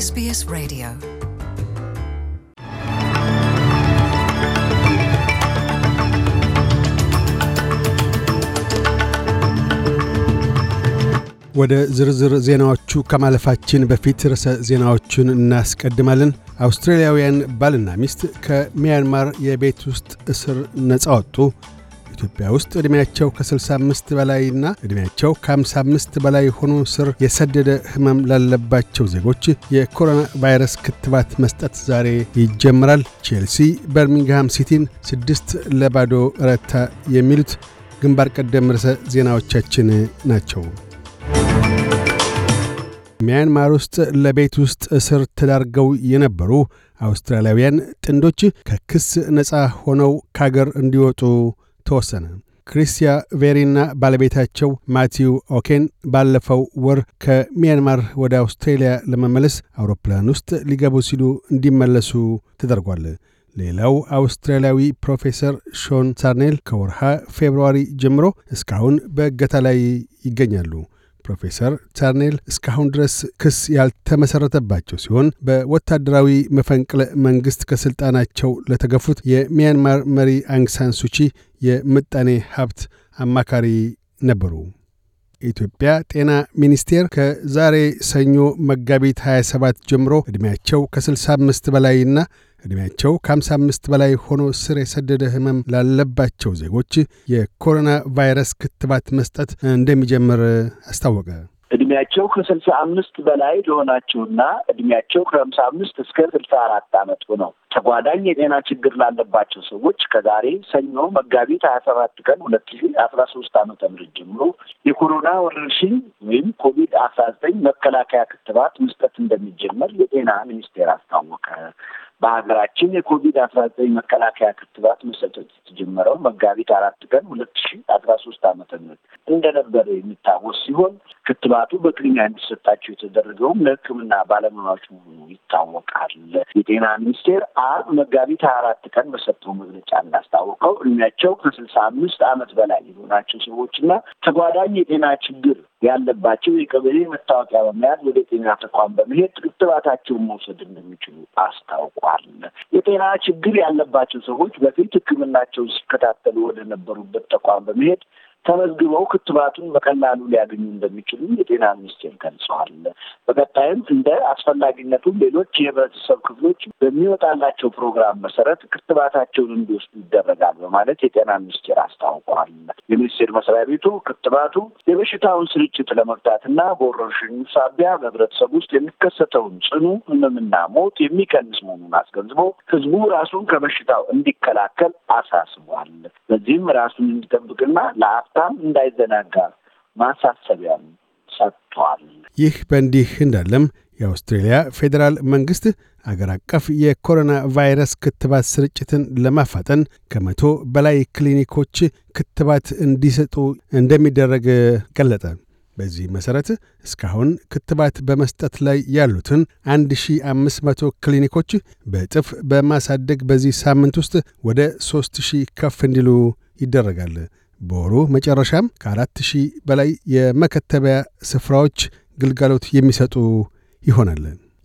SBS Radio ወደ ዝርዝር ዜናዎቹ ከማለፋችን በፊት ርዕሰ ዜናዎቹን እናስቀድማለን። አውስትራሊያውያን ባልና ሚስት ከሚያንማር የቤት ውስጥ እስር ነጻ ወጡ። ኢትዮጵያ ውስጥ ዕድሜያቸው ከ65 በላይና ዕድሜያቸው ከ55 በላይ ሆኖ ስር የሰደደ ህመም ላለባቸው ዜጎች የኮሮና ቫይረስ ክትባት መስጠት ዛሬ ይጀምራል። ቼልሲ በርሚንግሃም ሲቲን ስድስት ለባዶ ረታ። የሚሉት ግንባር ቀደም ርዕሰ ዜናዎቻችን ናቸው። ሚያንማር ውስጥ ለቤት ውስጥ እስር ተዳርገው የነበሩ አውስትራሊያውያን ጥንዶች ከክስ ነፃ ሆነው ከአገር እንዲወጡ ተወሰነ። ክሪስቲያ ቬሪና ባለቤታቸው ማቲዩ ኦኬን ባለፈው ወር ከሚያንማር ወደ አውስትሬልያ ለመመለስ አውሮፕላን ውስጥ ሊገቡ ሲሉ እንዲመለሱ ተደርጓል። ሌላው አውስትራሊያዊ ፕሮፌሰር ሾን ሳርኔል ከወርሃ ፌብርዋሪ ጀምሮ እስካሁን በእገታ ላይ ይገኛሉ። ፕሮፌሰር ቻርኔል እስካሁን ድረስ ክስ ያልተመሰረተባቸው ሲሆን በወታደራዊ መፈንቅለ መንግሥት ከሥልጣናቸው ለተገፉት የሚያንማር መሪ አንግሳን ሱቺ የምጣኔ ሀብት አማካሪ ነበሩ። የኢትዮጵያ ጤና ሚኒስቴር ከዛሬ ሰኞ መጋቢት 27 ጀምሮ ዕድሜያቸው ከ65 በላይና ዕድሜያቸው ከ55 በላይ ሆኖ ስር የሰደደ ህመም ላለባቸው ዜጎች የኮሮና ቫይረስ ክትባት መስጠት እንደሚጀምር አስታወቀ። እድሜያቸው ከስልሳ አምስት በላይ ለሆናቸውና እድሜያቸው ከሀምሳ አምስት እስከ ስልሳ አራት ዓመት ሆነው ተጓዳኝ የጤና ችግር ላለባቸው ሰዎች ከዛሬ ሰኞ መጋቢት ሀያ ሰባት ቀን ሁለት ሺ አስራ ሶስት አመተ ምህረት ጀምሮ የኮሮና ወረርሽኝ ወይም ኮቪድ አስራ ዘጠኝ መከላከያ ክትባት መስጠት እንደሚጀመር የጤና ሚኒስቴር አስታወቀ። በሀገራችን የኮቪድ አስራ ዘጠኝ መከላከያ ክትባት መሰጠት የተጀመረው መጋቢት አራት ቀን ሁለት ሺ አስራ ሶስት አመተ ምህረት እንደነበረ የሚታወስ ሲሆን ክትባቱ በቅድሚያ እንዲሰጣቸው የተደረገውም ለሕክምና ባለሙያዎች መሆኑ ይታወቃል። የጤና ሚኒስቴር አር መጋቢት ሀያ አራት ቀን በሰጠው መግለጫ እንዳስታወቀው እድሜያቸው ከስልሳ አምስት ዓመት በላይ የሆናቸው ሰዎችና ተጓዳኝ የጤና ችግር ያለባቸው የቀበሌ መታወቂያ በመያዝ ወደ ጤና ተቋም በመሄድ ክትባታቸውን መውሰድ እንደሚችሉ አስታውቋል። የጤና ችግር ያለባቸው ሰዎች በፊት ሕክምናቸውን ሲከታተሉ ወደ ነበሩበት ተቋም በመሄድ ተመዝግበው ክትባቱን በቀላሉ ሊያገኙ እንደሚችሉ የጤና ሚኒስቴር ገልጸዋል። በቀጣይም እንደ አስፈላጊነቱ ሌሎች የህብረተሰብ ክፍሎች በሚወጣላቸው ፕሮግራም መሰረት ክትባታቸውን እንዲወስዱ ይደረጋል በማለት የጤና ሚኒስቴር አስታውቋል። የሚኒስቴር መስሪያ ቤቱ ክትባቱ የበሽታውን ስርጭት ለመግታትና በወረርሽኙ ሳቢያ በህብረተሰብ ውስጥ የሚከሰተውን ጽኑ ህመምና ሞት የሚቀንስ መሆኑን አስገንዝቦ ህዝቡ ራሱን ከበሽታው እንዲከላከል አሳስቧል። በዚህም ራሱን እንዲጠብቅና ለአ በጣም እንዳይዘናጋ ማሳሰቢያም ሰጥቷል። ይህ በእንዲህ እንዳለም የአውስትሬልያ ፌዴራል መንግሥት አገር አቀፍ የኮሮና ቫይረስ ክትባት ስርጭትን ለማፋጠን ከመቶ በላይ ክሊኒኮች ክትባት እንዲሰጡ እንደሚደረግ ገለጠ። በዚህ መሠረት እስካሁን ክትባት በመስጠት ላይ ያሉትን 1500 ክሊኒኮች በእጥፍ በማሳደግ በዚህ ሳምንት ውስጥ ወደ 3000 ከፍ እንዲሉ ይደረጋል። በወሩ መጨረሻም ከአራት ሺህ በላይ የመከተቢያ ስፍራዎች ግልጋሎት የሚሰጡ ይሆናል።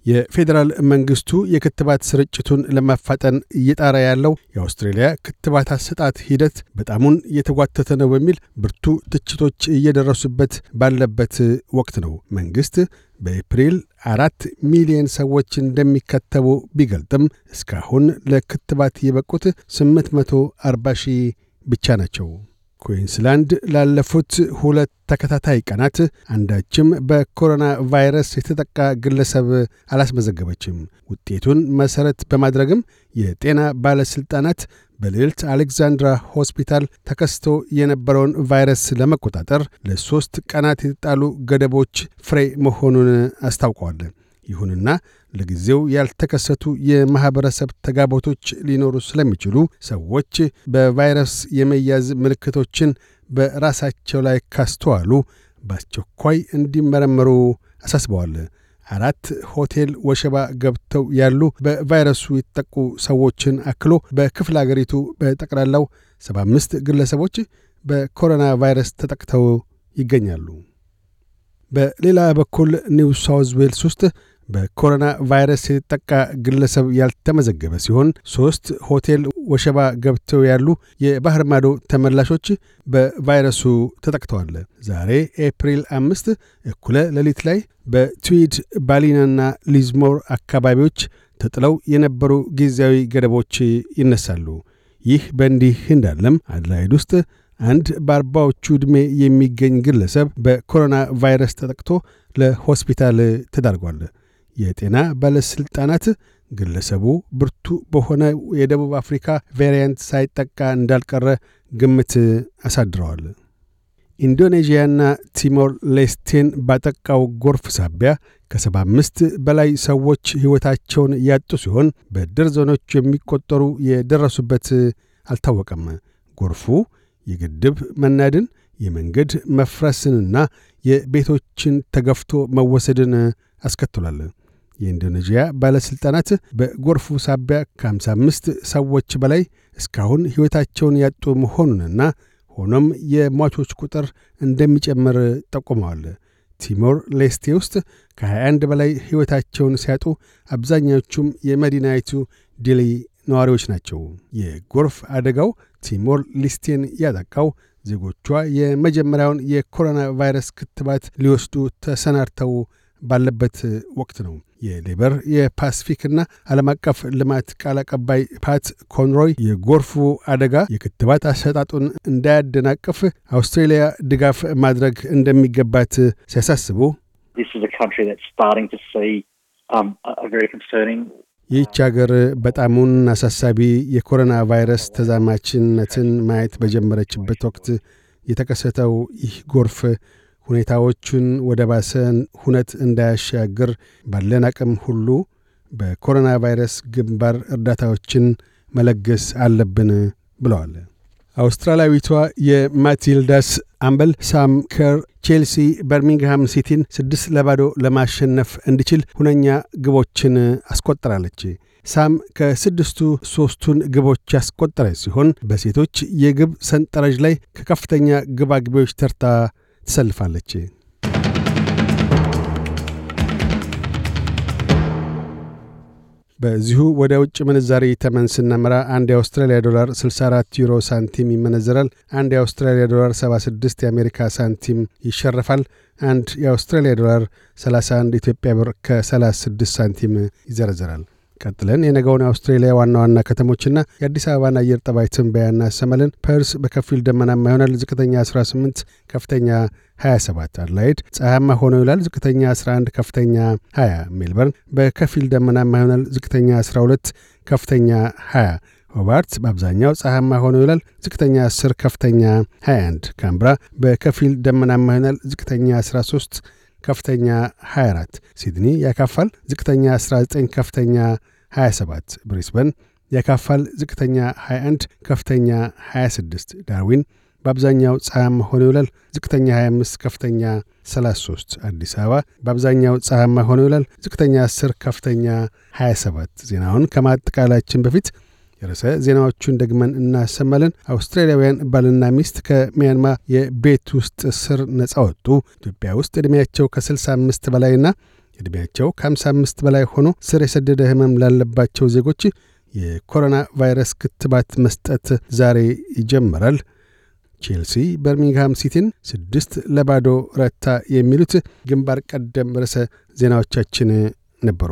የፌዴራል መንግስቱ የክትባት ስርጭቱን ለማፋጠን እየጣረ ያለው የአውስትሬልያ ክትባት አሰጣት ሂደት በጣሙን እየተጓተተ ነው በሚል ብርቱ ትችቶች እየደረሱበት ባለበት ወቅት ነው። መንግስት በኤፕሪል አራት ሚሊዮን ሰዎች እንደሚከተቡ ቢገልጥም እስካሁን ለክትባት የበቁት 840 ሺህ ብቻ ናቸው። ኩዊንስላንድ ላለፉት ሁለት ተከታታይ ቀናት አንዳችም በኮሮና ቫይረስ የተጠቃ ግለሰብ አላስመዘገበችም። ውጤቱን መሠረት በማድረግም የጤና ባለሥልጣናት በሌልት አሌክዛንድራ ሆስፒታል ተከስቶ የነበረውን ቫይረስ ለመቆጣጠር ለሦስት ቀናት የተጣሉ ገደቦች ፍሬ መሆኑን አስታውቀዋል። ይሁንና ለጊዜው ያልተከሰቱ የማኅበረሰብ ተጋቦቶች ሊኖሩ ስለሚችሉ ሰዎች በቫይረስ የመያዝ ምልክቶችን በራሳቸው ላይ ካስተዋሉ በአስቸኳይ እንዲመረመሩ አሳስበዋል። አራት ሆቴል ወሸባ ገብተው ያሉ በቫይረሱ የተጠቁ ሰዎችን አክሎ በክፍለ አገሪቱ በጠቅላላው 75 ግለሰቦች በኮሮና ቫይረስ ተጠቅተው ይገኛሉ። በሌላ በኩል ኒው ሳውዝ ዌልስ ውስጥ በኮሮና ቫይረስ የተጠቃ ግለሰብ ያልተመዘገበ ሲሆን ሦስት ሆቴል ወሸባ ገብተው ያሉ የባህር ማዶ ተመላሾች በቫይረሱ ተጠቅተዋል። ዛሬ ኤፕሪል አምስት እኩለ ሌሊት ላይ በትዊድ ባሊናና ሊዝሞር አካባቢዎች ተጥለው የነበሩ ጊዜያዊ ገደቦች ይነሳሉ። ይህ በእንዲህ እንዳለም አድላይድ ውስጥ አንድ በአርባዎቹ ዕድሜ የሚገኝ ግለሰብ በኮሮና ቫይረስ ተጠቅቶ ለሆስፒታል ተዳርጓል። የጤና ባለሥልጣናት ግለሰቡ ብርቱ በሆነ የደቡብ አፍሪካ ቬሪያንት ሳይጠቃ እንዳልቀረ ግምት አሳድረዋል። ኢንዶኔዥያና ቲሞር ሌስቴን ባጠቃው ጎርፍ ሳቢያ ከሰባ አምስት በላይ ሰዎች ሕይወታቸውን ያጡ ሲሆን በደርዘኖች የሚቆጠሩ የደረሱበት አልታወቀም። ጎርፉ የግድብ መናድን፣ የመንገድ መፍረስንና የቤቶችን ተገፍቶ መወሰድን አስከትሏል። የኢንዶኔዥያ ባለሥልጣናት በጎርፉ ሳቢያ ከ55 ሰዎች በላይ እስካሁን ሕይወታቸውን ያጡ መሆኑንና ሆኖም የሟቾች ቁጥር እንደሚጨምር ጠቁመዋል። ቲሞር ሌስቴ ውስጥ ከ21 በላይ ሕይወታቸውን ሲያጡ አብዛኛዎቹም የመዲናይቱ ዲሊ ነዋሪዎች ናቸው። የጎርፍ አደጋው ቲሞር ሊስቴን ያጠቃው ዜጎቿ የመጀመሪያውን የኮሮና ቫይረስ ክትባት ሊወስዱ ተሰናድተው ባለበት ወቅት ነው። የሌበር የፓስፊክና ዓለም አቀፍ ልማት ቃል አቀባይ ፓት ኮንሮይ የጎርፉ አደጋ የክትባት አሰጣጡን እንዳያደናቅፍ አውስትሬልያ ድጋፍ ማድረግ እንደሚገባት ሲያሳስቡ um, ይህች አገር በጣሙን አሳሳቢ የኮሮና ቫይረስ ተዛማችነትን ማየት በጀመረችበት ወቅት የተከሰተው ይህ ጎርፍ ሁኔታዎቹን ወደ ባሰን ሁነት እንዳያሻግር ባለን አቅም ሁሉ በኮሮና ቫይረስ ግንባር እርዳታዎችን መለገስ አለብን ብለዋል። አውስትራሊያዊቷ የማቲልዳስ አምበል ሳም ከር ቼልሲ በርሚንግሃም ሲቲን ስድስት ለባዶ ለማሸነፍ እንዲችል ሁነኛ ግቦችን አስቆጠራለች። ሳም ከስድስቱ ሦስቱን ግቦች ያስቆጠረ ሲሆን በሴቶች የግብ ሰንጠረዥ ላይ ከከፍተኛ ግብ አግቢዎች ተርታ ትሰልፋለች። በዚሁ ወደ ውጭ ምንዛሪ ተመን ስናመራ አንድ የአውስትራሊያ ዶላር 64 ዩሮ ሳንቲም ይመነዘራል። አንድ የአውስትራሊያ ዶላር 76 የአሜሪካ ሳንቲም ይሸርፋል። አንድ የአውስትራሊያ ዶላር 31 ኢትዮጵያ ብር ከ36 ሳንቲም ይዘረዘራል። ቀጥለን የነገውን የአውስትሬሊያ ዋና ዋና ከተሞችና የአዲስ አበባን አየር ጠባይ ትንበያ እናሰማለን። ፐርስ በከፊል ደመናማ ይሆናል። ዝቅተኛ 18፣ ከፍተኛ 27። አድላይድ ፀሐያማ ሆኖ ይውላል። ዝቅተኛ 11፣ ከፍተኛ 20። ሜልበርን በከፊል ደመናማ ይሆናል። ዝቅተኛ 12፣ ከፍተኛ 20። ሆባርት በአብዛኛው ፀሐያማ ሆኖ ይውላል። ዝቅተኛ 10፣ ከፍተኛ 21። ካምብራ በከፊል ደመናማ ይሆናል። ዝቅተኛ 13 ከፍተኛ 24፣ ሲድኒ ያካፋል ዝቅተኛ 19፣ ከፍተኛ 27፣ ብሪስበን ያካፋል ዝቅተኛ 21፣ ከፍተኛ 26፣ ዳርዊን በአብዛኛው ፀሐያማ ሆኖ ይውላል። ዝቅተኛ 25 ከፍተኛ 33። አዲስ አበባ በአብዛኛው ፀሐያማ ሆኖ ይውላል። ዝቅተኛ 10 ከፍተኛ 27። ዜናውን ከማጠቃላችን በፊት የርዕሰ ዜናዎቹን ደግመን እናሰማለን። አውስትራሊያውያን ባልና ሚስት ከሚያንማ የቤት ውስጥ እስር ነጻ ወጡ። ኢትዮጵያ ውስጥ ዕድሜያቸው ከ65 በላይና ዕድሜያቸው ከ55 በላይ ሆኖ ስር የሰደደ ህመም ላለባቸው ዜጎች የኮሮና ቫይረስ ክትባት መስጠት ዛሬ ይጀምራል። ቼልሲ በርሚንግሃም ሲቲን ስድስት ለባዶ ረታ። የሚሉት ግንባር ቀደም ርዕሰ ዜናዎቻችን ነበሩ።